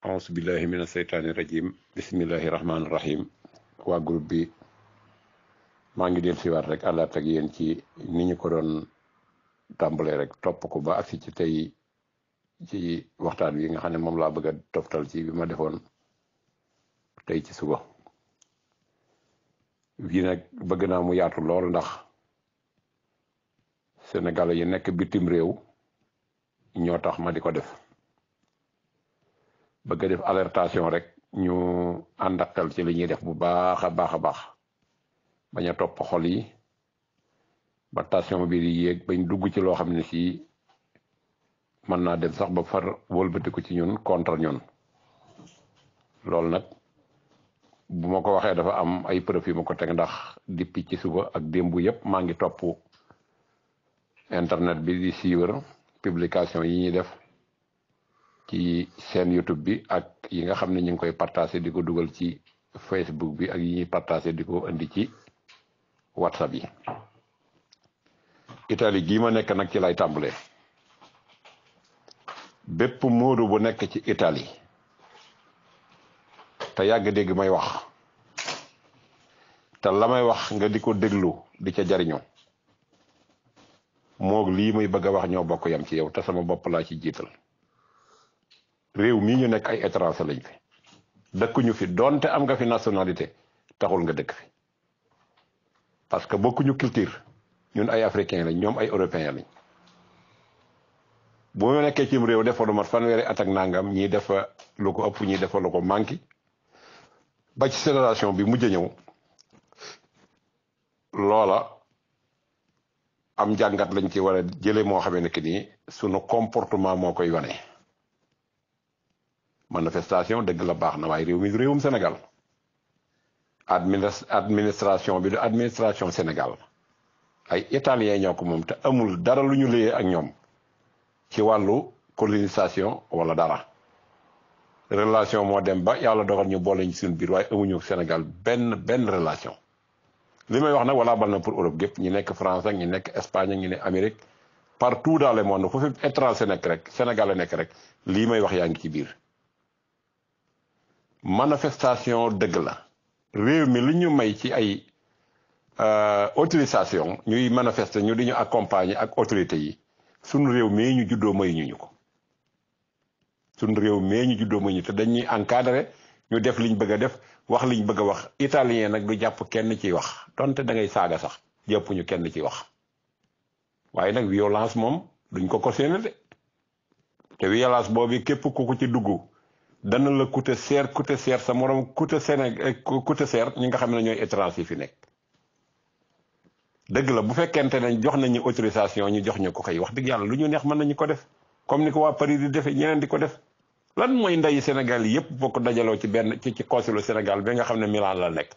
ahousubillahi min aseytaani rajim bisimillahi rahmaani rahim waa groupe bi maa ngi del siwaat rek àllaat ak yéen ci ni ñu ko doon tàmbalee rek topp ko ba agsi ci tey ci waxtaan wi nga xam ne moom laa bëgg a toftal ci bi ma defoon tey ci suba bii nag bëgg naa mu yaatu lool ndax sénégalais yi nekk bitim réew ñoo tax ma di ko def bëgg a def alertation rek ñu ànd ak xel ci li ñuy def bu baax a baax a baax bañ a topp xol yi ba tension bi di yéeg bañ dugg ci loo xam ne si mën naa dem sax ba far wëlbatiku ci ñun contre ñun loolu nag bu ma ko waxee dafa am ay preuve yu ma ko teg ndax depuis ci suba ak démb yëpp maa ngi topp internet bi di suivre publication yi ñuy def ci seen YouTube bi ak yi nga xam ne ñu ngi koy partagé di ko dugal ci Facebook bi ak yi ñuy partagé di ko indi ci WhatsApp yi. Italie gii ma nekk nag ci lay tàmbalee bépp moodu bu nekk ci Italie te yàgg dégg may wax te la may wax nga di ko déglu di ca jariñu moog lii muy bëgg wax ñoo bokk yam ci yow te sama bopp laa ci jiital. réew mii ñu nekk ay étranger lañ fi dëkkuñu fi donte am nga fi nationalité taxul nga dëkk fi parce que bokkuñu culture ñun ay africain lañ ñoom ay européen lañ boo nekkee cim réew defoo lu mat fanweeri at ak nangam ñii defa lu ko ëpp ñii defa lu ko manqué ba ci génération bi mujj ñëw loola am jàngat lañ ci war a jëlee moo xamee ne que nii sunu comportement moo koy wane. manifestation dëgg la baax na waaye réew mi réewum Sénégal administration bi du administration Sénégal ay italien ñoo ko moom te amul dara lu ñu liyee ak ñoom ci wàllu colonisation wala dara relation moo dem ba yàlla dogal ñu boole ñu suñu biir waaye amuñu Sénégal benn benn relation li may wax na wala bal na pour Europe gépp ñi nekk France ak ñi nekk Espagne ak ñi nekk Amérique partout dans le monde fu fi étranger nekk rek Sénégal la nekk rek lii may wax yaa ci biir manifestation dëgg la réew mi lu ñu may ci ay euh, autorisation ñuy manifester ñu di ñu accompagner ak autorité yi suñu réew mii ñu juddoo may ñu ñu ko sun réew mii ñu juddoo may ñu te dañuy encadrer ñu def liñ bëgg a def wax liñ bëgg a wax italien nag du jàpp kenn ciy wax donte da ngay saaga sax jàppuñu kenn ciy wax waaye nag violence moom duñ ko ko séenate te violence boobu képp ku ko ci dugg dana la coûter cher coûter cher sa morom coûter Sénégal eh, coûter cher ñi nga xam ne ñooy étranger yi fi nekk dëgg la bu fekkente ne jox nañu autorisation ñu jox ñu ko koy wax dëgg yàlla lu ñu neex mën nañu ko def comme ni ko waa Paris di defee ñeneen di ko def lan mooy ndeyu Sénégal yëpp bokk dajaloo ci benn ci ci consulat Sénégal bi nga xam ne Milan la nekk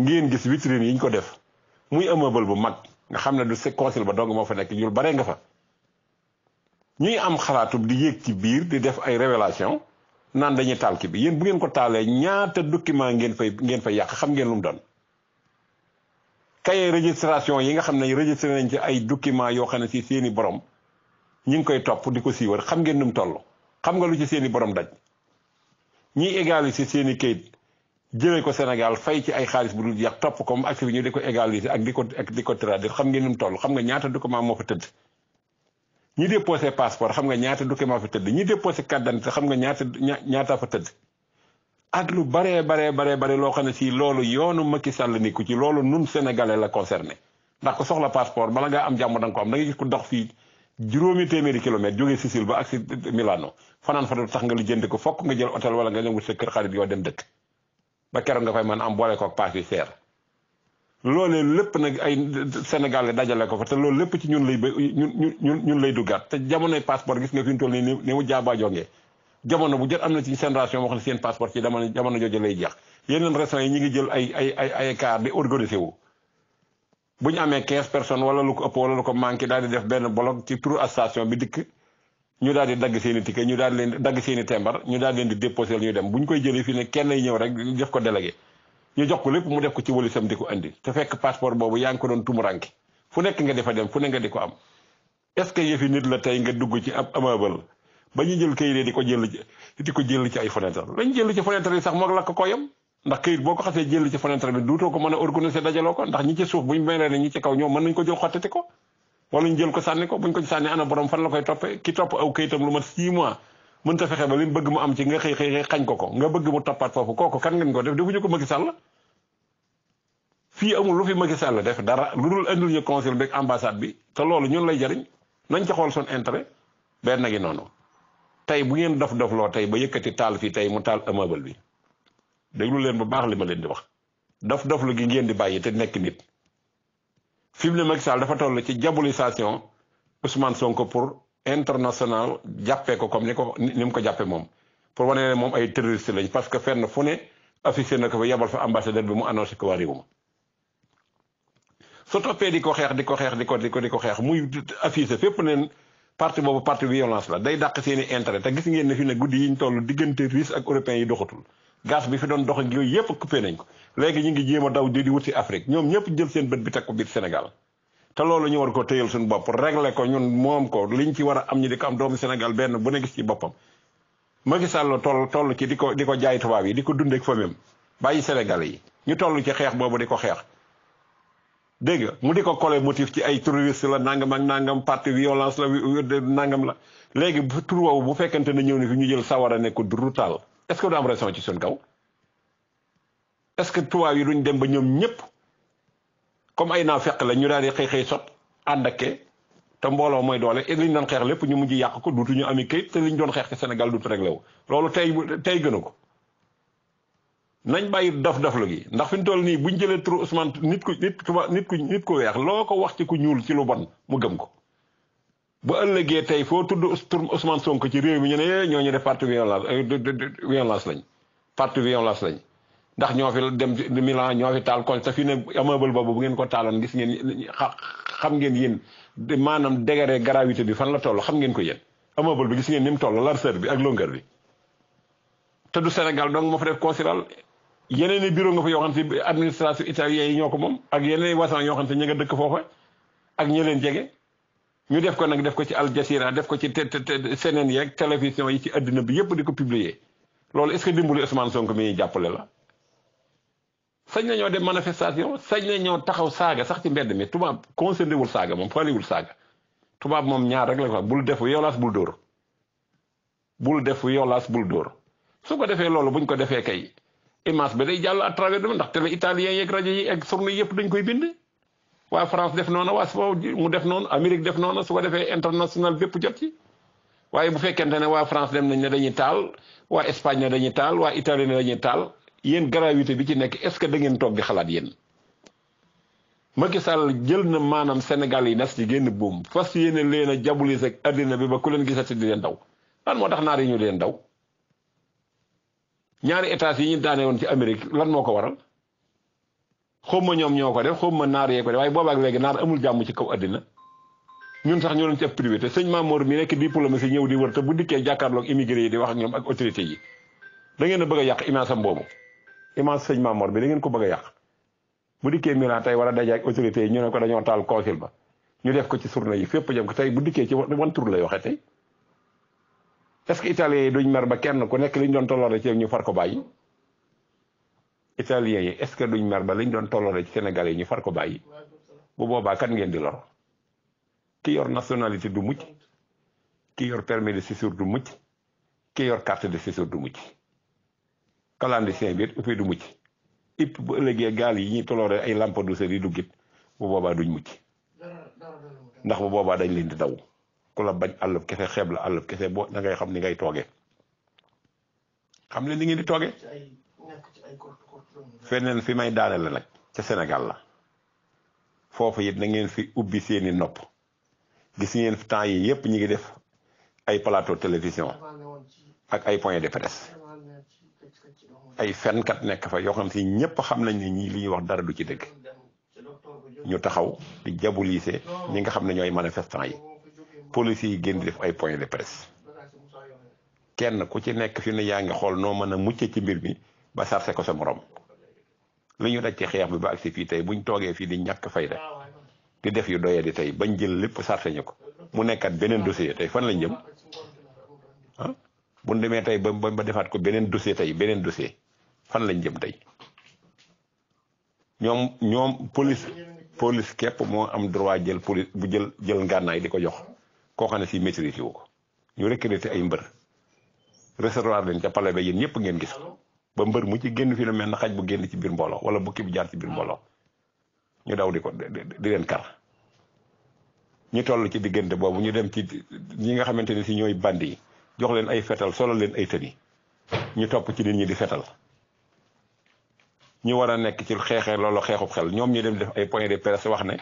ngeen gis vitrine yi ñu ko def muy immeuble bu mag nga xam ne du se consul ba dong moo fa nekk ñul bare nga fa ñuy am xalaatub di yéeg ci biir di def ay révélation naan dañuy taal kii bi yéen bu ngeen ko taalee ñaata document ngeen fay ngeen fay yàq xam ngeen lu mu doon kaye régistration yi nga xam ne registré nañ ci ay document yoo xam ne si seeni borom ñi koy topp di ko siiwal xam ngeen nu mu toll xam nga lu ci seeni borom daj ñiy égaliser seeni kayit jëlee ko Sénégal fay ci ay xaalis bu dul yàq topp ko mu ak ñu di ko égaliser ak di ko ak di ko traduire xam ngeen nu mu toll xam nga ñaata document moo fa tëdd ñi déposé passeport xam nga ñaata document fa tëdd ñi déposé carte d'identité xam nga ñaata ñaata fa tëdd ak lu bare bare bare bare loo xam ne si loolu yoonu Macky Sall ni ku ci loolu nun sénégalais la concerné ndax ko soxla passeport bala ngaa am jàmm da nga ko am da nga gis ko dox fii juróomi téeméeri kilomètre jógee Sicile ba ak si Milano fanaan fa tax nga lu jënd ko fokk nga jël otel wala nga ñëw sa kër xarit yoo dem dëkk ba keroog nga koy mën am boole ko paas yi loolee lépp nag ay Sénégalais dajale ko fa te loolu lépp ci ñun lay ba ñun ñun ñun lay duggaat te jamonoy passeport gis nga fi ñu toll nii ni mu jaabaa jongee jamono bu jot am na ci génération moo xam ne seen passeport ci jamono jamono jooju lay jeex yeneen restaurant yi ñu ngi jël ay ay ay ay car di organisé bu ñu amee quinze personnes wala lu ko ëpp wala lu ko manqué daal di def benn bloc ci turu association bi dikk ñu daal di dagg seen i ñu daal leen dagg seen i ñu daal di leen ñu dem bu ñu koy jëlee fii ne kenn ñëw rek def ko délégué ñu jox ko lépp mu def ko ci walisam di ko andi te fekk passeport boobu yaa ngi ko doon tumuranke fu nekk nga defa dem fu ne di ko am est-ce que yëfi nit la tey nga dugg ci ab amabal ba ñu jël kayit di ko jël di ko jël ci ay fenêtre lañ jël ci fenêtre yi sax moog ko yam ko jël ci fenêtre ko mën a organiser dajaloo ko ñu jël ko sànni ko buñ ko sànni ana borom fan la koy toppee ki topp aw kayitam lu mat 6 mois mën fexe ba li bëgg mu am ci nga xëy xëy xañ ko ko nga bëgg mu fii amul lu fi Macky la def dara lu dul indil ñu consul beeg ambassade bi te loolu ñun lay jariñ nañ ca xool son intérêt benn gi noonu tey bu ngeen dof dof loo tey ba yëkkati taal fii tey mu taal immeuble bi déglu leen bu baax li ma leen di wax dof dof lu gi ngeen di bàyyi te nekk nit fi mu ne Macky Sall dafa toll ci diabolisation Ousmane Sonko pour international jàppee ko comme ni ko ni ko jàppe moom pour wane ne moom ay terroriste lañ parce que fenn fu ne affiché na ko fa yebal fa ambassadeur bi mu annoncé ko waa réew su toppee di ko xeex di ko xeex di ko di ko di ko xeex muy affiché fépp neen parti boobu parti violence la day dàq seen i te gis ngeen ne fi ne guddi yiñ toll diggante russe ak européens yi doxatul gaz bi fi doon dox ak yooyu yëpp coupé nañ ko léegi ñu ngi jéem a daw di di wut si Afrique ñoom ñëpp jël seen bët bi teg ko biir Sénégal te loolu ñu war ko téyal suñu bopp réglé ko ñun moom ko liñ ci war a am ñu di ko am doomu Sénégal benn bu ne gis ci boppam Macky Sall toll toll ci di ko di ko jaay tubaab yi di ko dundeek fa bàyyi Sénégal yi ñu toll ci xeex boobu di ko xeex dégg nga mu di ko collé motif ci ay terroriste la nangam ak nangam parti violence la nangam la léegi bu tur woowu bu fekkente ne ñëw ni fi ñu jël sawara ne ko durutal est-ce que du am raison ci seen kaw est-ce que tubaab yi duñ dem ba ñoom ñëpp comme ay naa fekk la ñu daal di xëy xëy sot ànd ak te mbooloo mooy doole et liñ doon xeex lépp ñu mujj yàq ko duutu ñu ami kayit te liñ doon xeex ci Sénégal duutu réglé wu loolu tey tey gënu ko. nañ bàyyi dof doflu gi ndax fi mu toll nii buñ jëlee turu Ousmane nit ku nit ku weex loo ko wax ci ku ñuul ci lu bon mu gëm ko bu ëllëgee tey foo tudd tur Ousmane Sonko ci réew mi ñu ne eh, ñoo ñu def parti violence euh, violence lañ parti violence lañ ndax ñoo fi dem Milan ñoo fi taal Kolda fi ne immeuble boobu bu ngeen ko taaloon gis ngeen xam ngeen yéen maanaam degré gravité bi fan la toll xam ngeen ko yéen immeuble bi gis ngeen ni mu toll largeur bi ak longueur bi te du Sénégal yeneen i bureau nga fa yoo xam ne administration italien yi ñoo ko moom ak yeneen i wasan yoo xam ne ñi nga dëkk foofa ak ñi leen jege ñu def ko nag def ko ci Al Jazeera def ko ci te te seneen yeeg télévision yi ci àddina bi yëpp di ko publier loolu est-ce que dimbali Ousmane Sonko mi ñuy jàppale la. sañ na ñoo dem manifestation sañ na ñoo taxaw saaga sax ci mbedd mi tubaab concerné wul saaga moom faliwul saaga tubaab moom ñaar rek la ko bul def violence bul dóor bul def violence bul dóor su ko defee loolu buñ ko defee kay. image ba day jàll à travers dama ndax télé italien yeeg rajo yi ak journaux yëpp dañ koy bind waa France def noonu waa su mu def noonu Amérique def noonu su ko defee international bépp jot ci waaye bu fekkente ne waa France dem nañ ne dañu taal waa Espagne ne dañuy taal waa Italie ne dañuy taal yéen gravité bi ci nekk est-ce que da ngeen toog di xalaat yéen Macky Sall jël na maanaam Sénégal yi nas ci génn buum fas yéene leen a jabulise ak àddina bi ba ku leen gisati di leen daw lan moo tax naar yi ñu leen daw ñaari états yi ñu daane woon ci Amérique lan moo ko waral xaw ma ñoom ñoo ko def xaw ma naar yee ko def waaye boobaak léegi naar amul jàmm ci kaw àddina ñun sax ñoo doon ci ab privé te sëñ Mamour mi nekk diplôme si ñëw di wër te bu dikkee jàkkaarloog immigré yi di wax ak ñoom ak autorité yi da ngeen a bëgg a yàq image am boobu image sëñ Mamour bi da ngeen ko bëgg a yàq bu dikkee Milan tey war a daje autorité yi ñu ne ko dañoo taal consul ba ñu def ko ci journée yi fépp jëm tey bu dikkee ci wan tur lay waxee tey est-ce que yi duñ mer ba kenn ku nekk liñ doon tolloore ci ñu far ko bàyyi italiens yi est-ce que duñ mer ba liñ doon tolloore ci Sénégalais yi ñu far ko bàyyi bu boobaa kan ngeen di lor ki yor nationalité du mujj ki yor permis de séjour du mucc ki yor carte de séjour du mucc clandestin bi it du mujj ip bu ëllëgee gaal yi ñuy tolloore ay Lampedusa di duggit bu boobaa duñ mujj ndax bu boobaa dañ leen di daw. ku la bañ àllub kese xeeb la àllub kese boo na ngay xam ni ngay toogee xam ne ni ngeen di toogee feneen fi may daane la nag ca Sénégal la foofu it na ngeen fi ubbi seeni nopp gis ngeen temps yi yépp ñu ngi def ay plateau télévision ak ay point de presse ay fenkat nekk fa yoo xam si ñépp xam nañ ne ñii li ñuy wax dara du ci dëgg ñu taxaw di jabuliise ñi nga xam ne ñooy manifestant yi police yi génn def ay point de presse kenn ku ci nekk fi ne yaa ngi xool noo mën a mucce ci mbir mi ba sarse ko sa moroom li ñu daj ci xeex bi ba ak si fii tey buñ toogee fii di ñàkk fayda di def yu doyee di tey bañ jël lépp sarse ñu ko mu nekkat beneen dossier tey fan lañ jëm ah? bu demee tey ba ba defaat ko beneen dossier tey beneen dossier fan lañ jëm tey ñoom ñoom police police képp moo am droit jël police bu jël jël ngànnaay di ko jox koo xam ne si maîtrise wu ko ñu recruter ay mbër recevoir leen ca palais ba yéen ñëpp ngeen gis ba mbër mu ci génn fi la mel na xaj bu génn ci biir mbooloo wala bukki bu jaar ci biir mbooloo ñu daw di ko di leen kar ñu toll ci diggante boobu ñu dem ci ñi nga xamante ne si ñooy band yi jox leen ay fetal solo leen ay yi ñu topp ci nit ñi di fetal ñu war a nekk ci xeexee loolu xeexub xel ñoom ñu dem def ay point de presse wax ne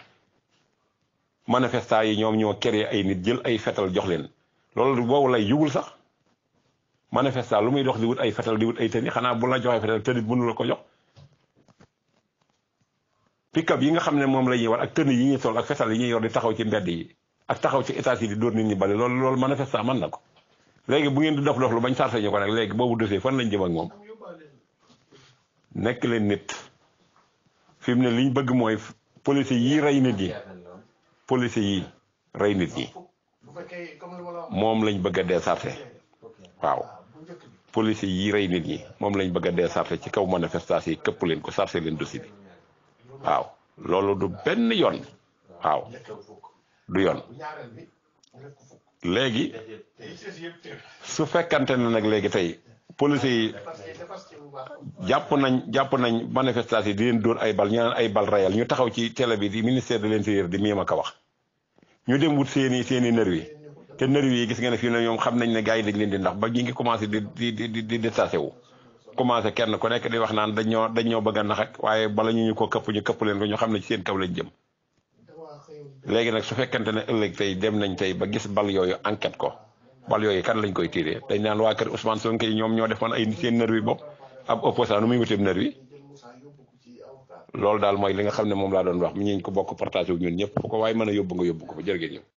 manifestat yi ñoom ñoo yi ay nit jël ay fetal jox leen loolu boobu lay yugul sax manifestat lu muy dox di wut ay fetal di wut ay tëni xanaa bu la joxee fetal tënit mënu la ko jox pick yi nga xam ne moom la ñuy war ak tëni yi ñuy sol ak fetal yi ñu yor di taxaw ci mbedd yi ak taxaw ci état yi di dóor nit ñi bale loolu loolu manifestat mën na ko léegi bu ngeen di dof dof lu bañ sarse ñu ko nag léegi boobu dosee fan lañ jëm ak moom nekk leen nit fi mu ne liñ bëgg mooy police yi rey nit police yi rey nit ñi moom lañ bëgg a décharger waaw police yi rey nit ñi moom lañ bëgg a décharger ci kaw manifestation yi këpp leen ko charger leen dossier bi waaw loolu du benn yoon waaw du yoon léegi su fekkante na nag léegi tey police yi jàpp nañ jàpp nañ manifestation yi di leen dóor ay bal ñu naan ay bal rayal ñu taxaw ci télé bi di ministère de l'intérieur di mii miima ko wax ñu dem wut seeni seeni nervi yi te nervi yi gis nga ne fii na ñoom xam nañ ne gars yi dañ leen di ndax ba ñu ngi commencé di di di di détaché wu commencé kenn ku nekk di wax naan dañ ñoo dañ bëgg a nax waaye bala ñu ñu ko këpp ñu këpp leen ko ñu xam ne ci seen kaw lañ jëm léegi nag su fekkante ne ëllëg tey dem nañ tey ba gis bal yooyu enquête ko bal yooyu kan lañ koy tiré dañ naan waa kër Ousmane Sonko ñoom ñoo defoon ay seen nervi bopp ab opposant nu muy wuteeb nervi loolu daal mooy li nga xam ne moom laa doon wax mi ngi ko bokk partage ñun ñëpp fu ko waaye mën a nga yóbbu ko fa jërëjëf